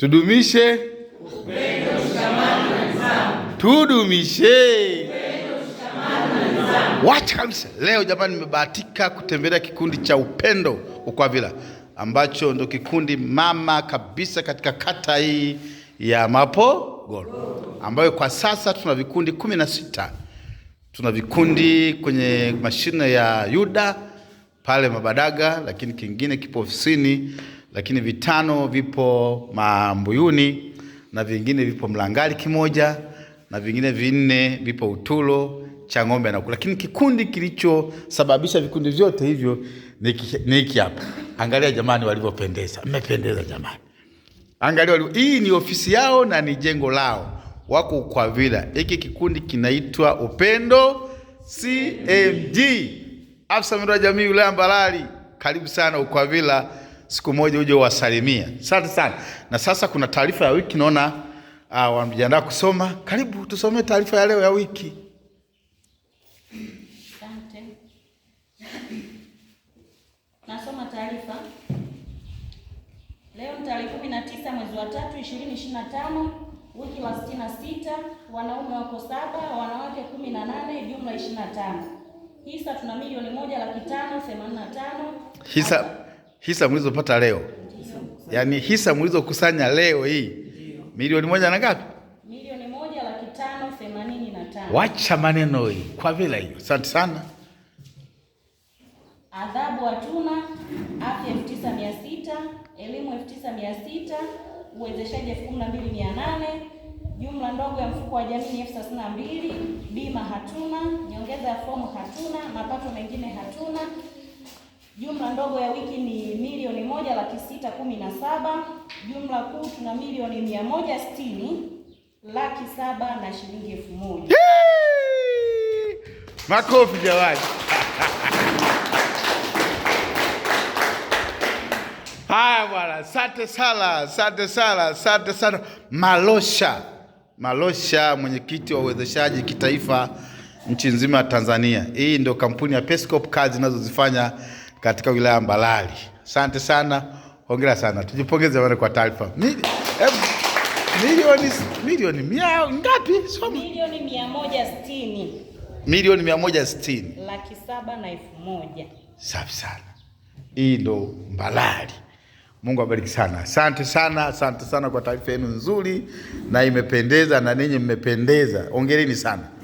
Tudumishe Tudumishe wacha kabisa. Leo jamani, nimebahatika kutembelea kikundi cha Upendo Ukwavila ambacho ndo kikundi mama kabisa katika kata hii ya mapogolo ambayo kwa sasa tuna vikundi kumi na sita. Tuna vikundi kwenye mashine ya Yuda pale Mabadaga, lakini kingine kipo ofisini lakini vitano vipo Mambuyuni na vingine vipo Mlangali kimoja na vingine vinne vipo Utulo cha ng'ombe na lakini kikundi kilichosababisha vikundi vyote hivyo ni hiki hapa. Angalia jamani, walivyopendeza. Mmependeza jamani, angalia walivyo. Hii ni ofisi yao na ni jengo lao, wako Ukwavila. Hiki kikundi kinaitwa Upendo CMG, afisa mradi wa jamii wilaya Mbarali. Karibu sana Ukwavila siku moja uje uwasalimia. Asante sana. Na sasa kuna taarifa ya wiki naona uh, wamejiandaa kusoma. Karibu tusomee taarifa ya leo ya wiki. Asante. Nasoma taarifa. Leo ni tarehe 19 mwezi wa tatu 3 2025, wiki wa 66, wanaume wako saba, wanawake kumi na nane jumla 25. Hisa tuna milioni moja laki tano themanini na tano. Hisa hisa mlizopata leo, yaani hisa mlizokusanya leo hii milioni moja na ngapi? Milioni moja laki tano themanini na tano. Wacha maneno hii kwa vile hiyo. Asante sana. Adhabu hatuna, afya elfu tisa mia sita, elimu elfu tisa mia sita, uwezeshaji elfu kumi na mbili mia nane jumla ndogo ya mfuko wa jamii ni elfu thelathini na mbili bima hatuna, nyongeza ya fomu hatuna, mapato mengine hatuna Jumla ndogo ya wiki ni milioni moja laki sita kumi na saba. Jumla kuu tuna milioni mia moja sitini laki saba na shilingi elfu moja. Makofi jamani! Haya bwana, sante sana, asante sana, sante sana Malosha. Malosha, mwenyekiti wa uwezeshaji kitaifa nchi nzima ya Tanzania. Hii ndio kampuni ya Pescop, kazi inazozifanya katika wilaya Mbalali. Asante sana, hongera sana, tujipongeze wale kwa taarifa milioni milioni mia ngapi? Soma. Milioni 160. Milioni 160. Laki saba na elfu moja. Safi sana. Hii ndo Mbalali. Mungu abariki sana. Asante sana, asante sana kwa taarifa yenu nzuri na imependeza na ninyi mmependeza. ongereni sana.